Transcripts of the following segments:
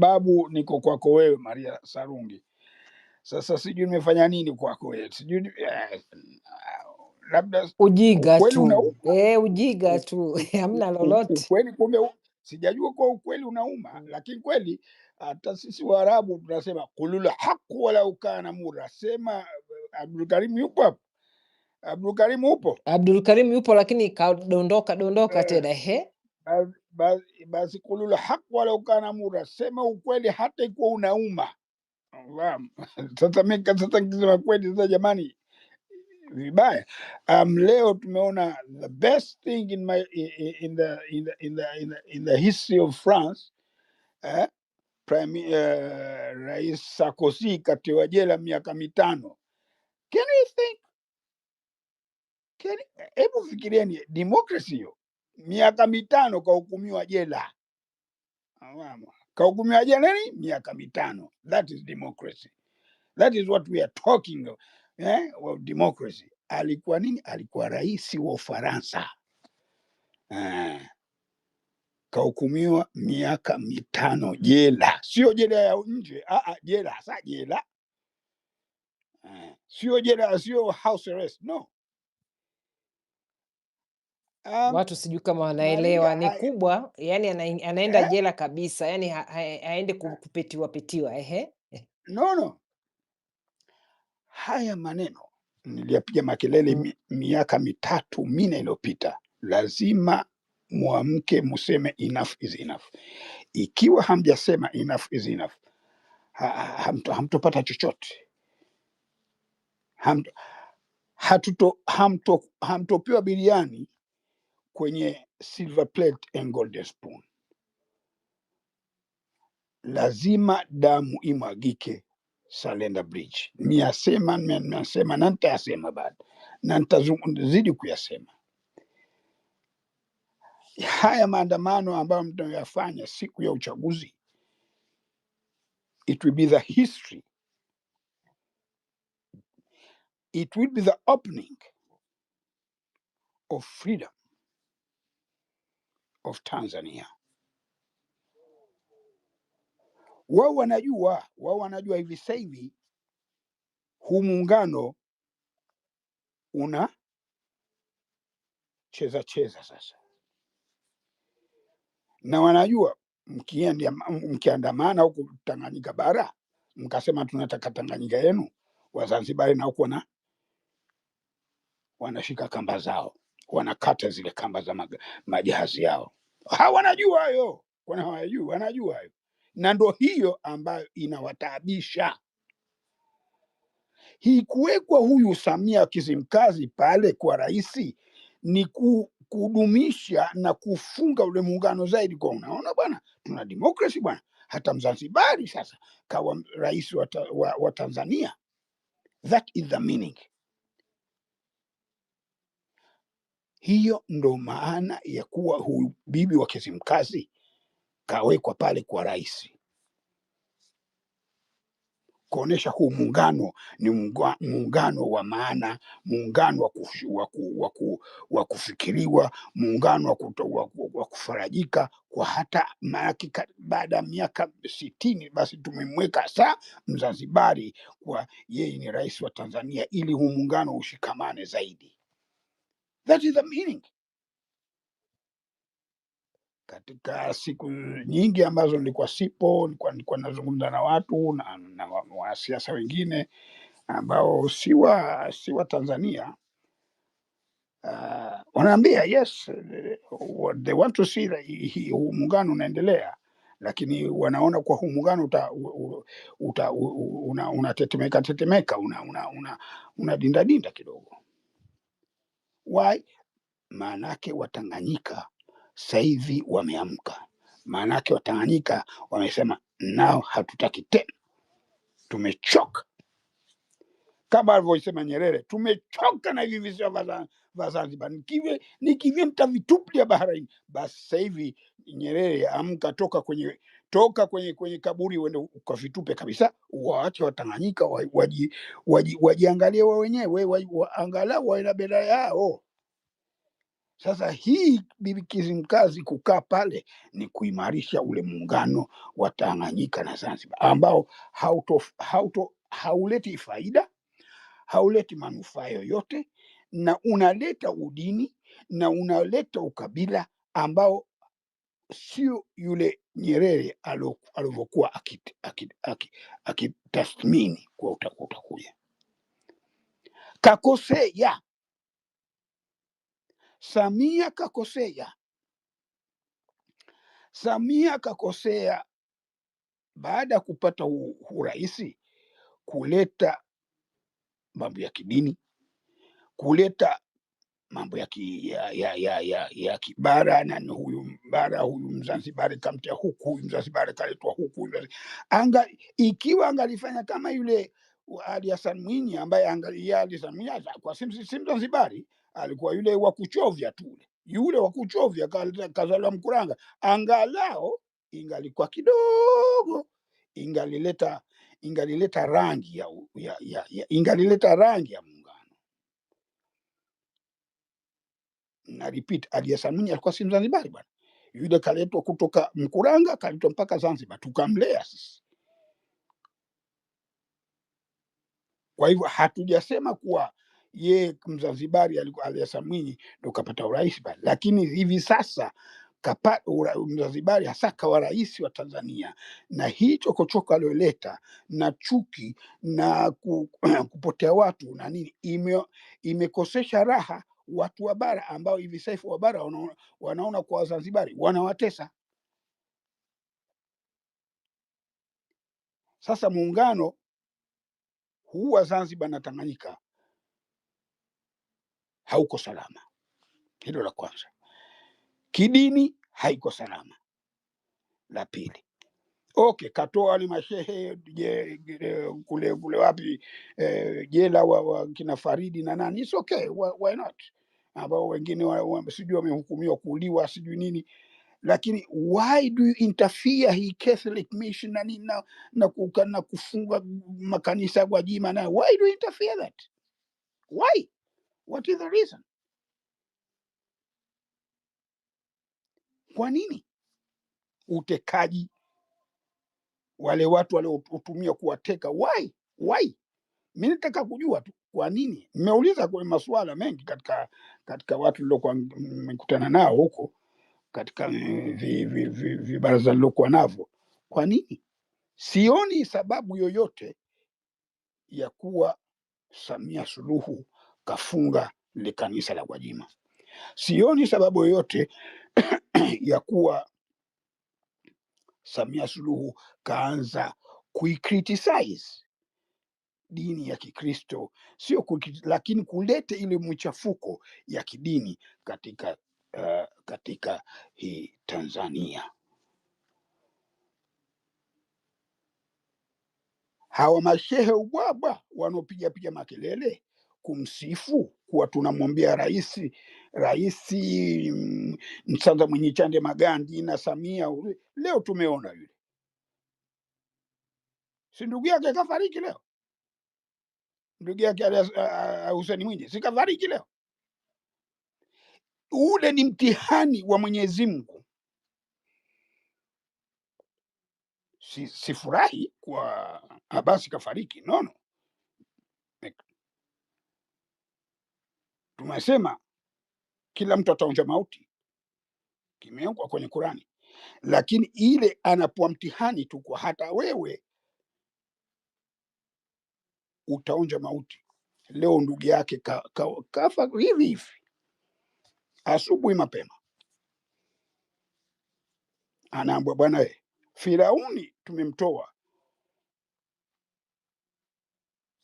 babu, niko kwako wewe Maria Sarungi, sasa sijui nimefanya nini kwako wewe, sijui eh, labda ujiga tu eh, ujiga tu hamna lolote. kweli. kumbe sijajua kuwa ukweli unauma, lakini kweli hata sisi Waarabu tunasema kulul haqu wala ukana mura. Sema eh, Abdul Karim yupo hapo? Abdul Karim upo? Abdul Karim yupo lakini kadondoka dondoka eh, tena ehe basi kulula haq walau mura, sema ukweli hata ikuwa unauma. Sasa mika sasa nikisema kweli sasa, jamani, vibaya. Um, leo tumeona the best thing in my in the in the in the in the, in the history of France eh? Prime, uh, Rais Sarkozy katiwa jela miaka mitano. Can you think? Can, hebu fikirieni democracy hiyo miaka mitano kahukumiwa jela Awamo. kahukumiwa jela ni miaka mitano that is democracy that is what we are talking of, eh, well, democracy alikuwa nini alikuwa rais wa ufaransa ah. kahukumiwa miaka mitano jela sio jela ya nje ah, jela sa jela eh, sio jela sio house arrest no Um, Watu sijui kama wanaelewa, ni kubwa, yani ana- anaenda eh? jela kabisa, yani ha, ha, haendi ku- kupetiwa petiwa. Ehe, eh. No, no, haya maneno niliyapiga makelele Mm. mi, miaka mitatu mine iliyopita. Lazima mwamke, museme enough is enough. Ikiwa hamjasema enough is enough, ha, ha- hamto, hamtopata chochote hamto, hatuto, hamto, biriani kwenye silver plate and golden spoon. Lazima damu imwagike Selander Bridge. Nimeyasema, nimeyasema na nitayasema bado na nitazidi kuyasema. Haya maandamano ambayo mnayoyafanya siku ya uchaguzi, it will be the history, it will be the opening of freedom of Tanzania. Wao wanajua, wao wanajua hivi sasa hivi huu muungano una cheza cheza sasa, na wanajua mkiandamana huku Tanganyika bara mkasema tunataka Tanganyika yenu, Wazanzibari na huko na wanashika kamba zao wanakata zile kamba za majahazi yao. Hawanajua hayo, kwani hawajui, wanajua hayo, na ndo hiyo ambayo inawataabisha hii kuwekwa huyu Samia Kizimkazi pale kwa rahisi ni ku, kudumisha na kufunga ule muungano zaidi. Kwa unaona bwana, tuna demokrasi bwana. Hata Mzanzibari sasa kawa rais wa, wa, wa Tanzania. That is the meaning. Hiyo ndo maana ya kuwa huyu bibi wa Kizimkazi kawekwa pale kwa rais, kuonesha huu muungano ni muungano wa maana, muungano wa kufikiriwa, muungano wa wa kufarajika kwa hata maanake, baada ya miaka sitini basi tumemweka saa Mzanzibari kwa yeye ni rais wa Tanzania, ili huu muungano ushikamane zaidi. That is the meaning. Katika siku nyingi ambazo nilikuwa sipo, nilikuwa nilikuwa nazungumza na watu na, na wanasiasa wengine ambao si wa si wa Tanzania uh, ah, wanaambia yes, eh, they want to see huu muungano unaendelea, lakini wanaona kwa huu muungano uta, uta, u- una, una tetemeka una, una, una, una dinda dinda kidogo. Why? Maanake Watanganyika sasa hivi wameamka, maanake Watanganyika wamesema nao hatutaki tena, tumechoka. Kama alivyosema Nyerere, tumechoka na hivi visiwa vya Zanzibar, nikivye nikivye mtavituplia baharini. Basi sasa hivi Nyerere amka, toka kwenye toka kwenye kwenye kaburi uende ukavitupe kabisa, waache Watanganyika wajiangalie waji, waji wenyewe waji, wa, angalau wawe na bendera yao. Sasa hii Bibi Kizimkazi kukaa pale ni kuimarisha ule muungano wa Tanganyika na Zanzibar ambao hauto, hauto, hauleti faida, hauleti manufaa yoyote, na unaleta udini na unaleta ukabila ambao sio yule Nyerere alivyokuwa akitathmini kwa utakuja kakosea, Samia kakosea, Samia kakosea baada ya kupata urais kuleta mambo ya kidini, kuleta mambo ya, ki, ya, ya, ya, ya, ya kibara nani huyu mbara huyu Mzanzibari kamtia huku huyu Mzanzibari kaletwa huku anga, ikiwa angalifanya kama yule Ali Hassan Mwinyi ambaye angalia Ali Hassan Mwinyi kwa sim, Mzanzibari, alikuwa yule wa kuchovya tu yule wa kuchovya kazaliwa Mkuranga, angalao ingalikuwa kidogo ingalileta ingalileta rangi ya, ya, ya, ya ingalileta rangi ya na repeat, Ali Hassan Mwinyi alikuwa si Mzanzibari bwana, yule kaletwa kutoka Mkuranga, kaletwa mpaka Zanzibar, tukamlea sisi. Kwa hivyo hatujasema kuwa ye Mzanzibari alikuwa Ali Hassan Mwinyi ndo kapata urais bwana, lakini hivi sasa kapa, ura, Mzanzibari hasa kawa rais wa Tanzania, na hii chokochoko aliyoleta na chuki na ku, kupotea watu na nini imekosesha ime raha watu wa bara ambao hivi sasa wa bara wanaona, wanaona kwa Wazanzibari wanawatesa. Sasa muungano huu wa Zanzibar na Tanganyika hauko salama, hilo la kwanza. Kidini haiko salama, la pili. Okay, katoa ni mashehe kule kule wapi, eh, jela wa, wa kina Faridi na nani, it's okay, why not? ambao wengine sijui wamehukumiwa kuuliwa sijui nini, lakini why do you interfere hii Catholic mission na nini na, na, na kufunga makanisa kwa jima why do you interfere that why what is the reason? Kwa nini utekaji wale watu waliotumia kuwateka why why mi nataka kujua tu kwa nini. Nimeuliza kwenye masuala mengi katika katika watu niliokuwa nimekutana nao huko katika vibaraza nilokuwa navyo, kwa nini sioni sababu yoyote ya kuwa Samia Suluhu kafunga le kanisa la kwajima Sioni sababu yoyote ya kuwa Samia Suluhu kaanza kuicriticize dini ya Kikristo, sio lakini kulete ile mchafuko ya kidini katika, uh, katika hii Tanzania. Hawa mashehe ubwabwa wanaopigapiga makelele kumsifu kuwa tunamwambia rais rais Msanza mm, mwenye chande Magandi na Samia ule. Leo tumeona yule si ndugu yake kafariki leo ndugu yake Hussein Mwinyi sikafariki leo. Ule ni mtihani wa Mwenyezi Mungu. Si, sifurahi kwa Abasi kafariki nono. Tumesema kila mtu ataonja mauti, kimeongwa kwenye qurani lakini ile anapoa mtihani tu kwa hata wewe utaonja mauti. Leo ndugu yake ka, ka, kafa hivi hivi asubuhi mapema, anaambwa bwana, e, Firauni tumemtoa,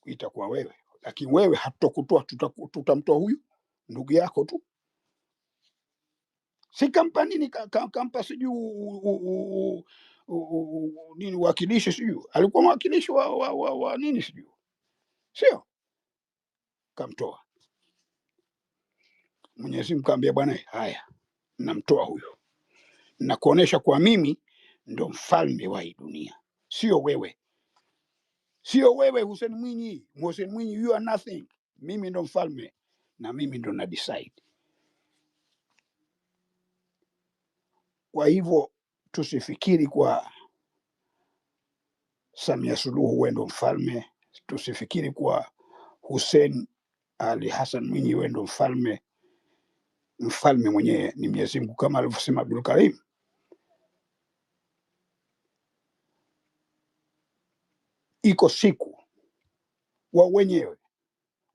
itakuwa wewe, lakini wewe hatutakutoa, tutamtoa huyu ndugu yako tu si kampa nini, kampa sijui nini, wakilishi sijui, alikuwa mwakilishi wa, wa, wa, wa nini sijui sio? Kamtoa Mwenyezi Mungu, kaambia bwana, haya namtoa huyo na kuonesha kwa mimi ndo mfalme wa hii dunia, sio wewe, sio wewe Hussein Mwinyi. Hussein Mwinyi, you are nothing. Mimi ndo mfalme na mimi ndo na decide. Kwa hivyo tusifikiri kwa Samia Suluhu wewe ndo mfalme Tusifikiri kuwa Hussein Ali Hassan Mwinyi huwe ndo mfalme. Mfalme mwenyewe ni Mwenyezi Mungu kama alivyosema Abdul Karim. Iko siku wao wenyewe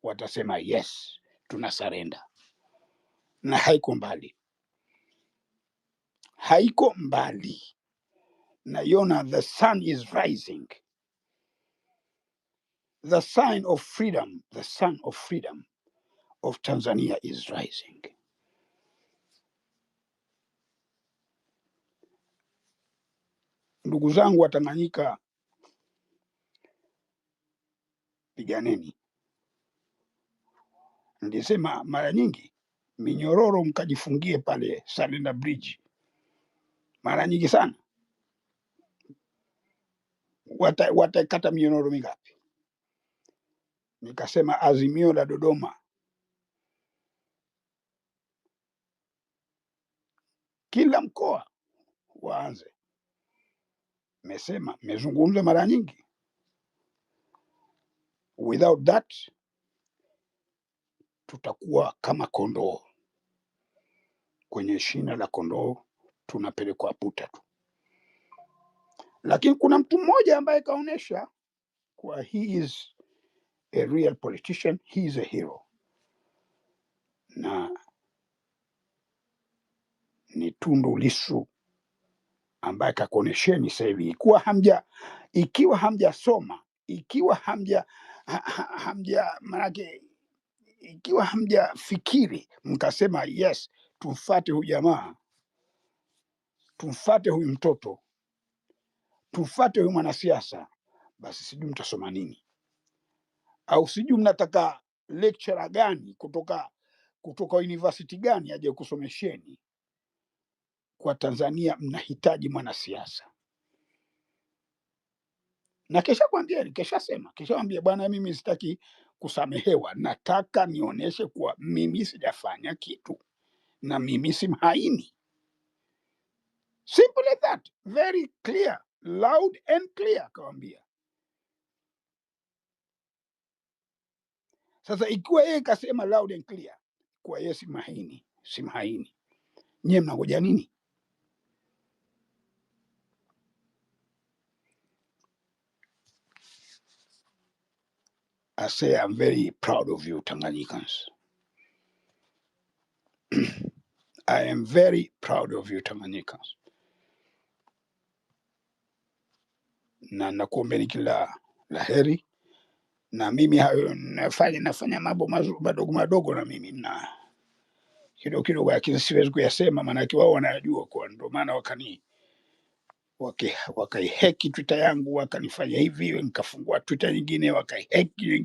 watasema yes, tuna sarenda, na haiko mbali, haiko mbali. Naiona the sun is rising the sign of freedom, the sun of freedom of Tanzania is rising. Ndugu zangu wa Tanganyika, piganeni. Nilisema mara nyingi, minyororo mkajifungie pale Salenda Bridge, mara nyingi sana. Watakata wata minyororo mingapi? nikasema Azimio la Dodoma. Kila mkoa waanze, mesema mezungumza mara nyingi. Without that tutakuwa kama kondoo kwenye shina la kondoo, tunapelekwa puta tu. Lakini kuna mtu mmoja ambaye kaonyesha kuwa he is a real politician, he is a hero, na ni Tundu Lissu ambaye kakuonesheni sasa hivi. Ikiwa hamja ikiwa hamjasoma ikiwa hamja ha, ha, hamja manake ikiwa hamjafikiri mkasema yes, tumfate huyu jamaa, tumfate huyu mtoto, tumfate huyu mwanasiasa, basi sijui mtasoma nini au sijui mnataka lecturer gani kutoka kutoka university gani aje kusomesheni kwa Tanzania mnahitaji mwanasiasa. Na kesha kwambieni, kesha sema, kesha bwana, mimi sitaki kusamehewa, nataka nionyeshe kuwa mimi sijafanya kitu na mimi si mhaini. Simple that, very clear, loud and clear, kawambia Sasa ikiwa yeye kasema loud and clear kwa yeye si mahaini, si mahaini, nyie mnangoja nini? I say I'm very proud of you Tanganyikans. I am very proud of you Tanganyikans, na nakuombeni kila la heri na mimi hayo nafanya nafanya mambo mazuri madogo madogo, na mimi na kidogo kidogo, lakini siwezi kuyasema, maanake wao wanayajua, kwa ndio maana wakani wakaiheki waka Twitter yangu wakanifanya hivi, nikafungua Twitter nyingine wakaiheki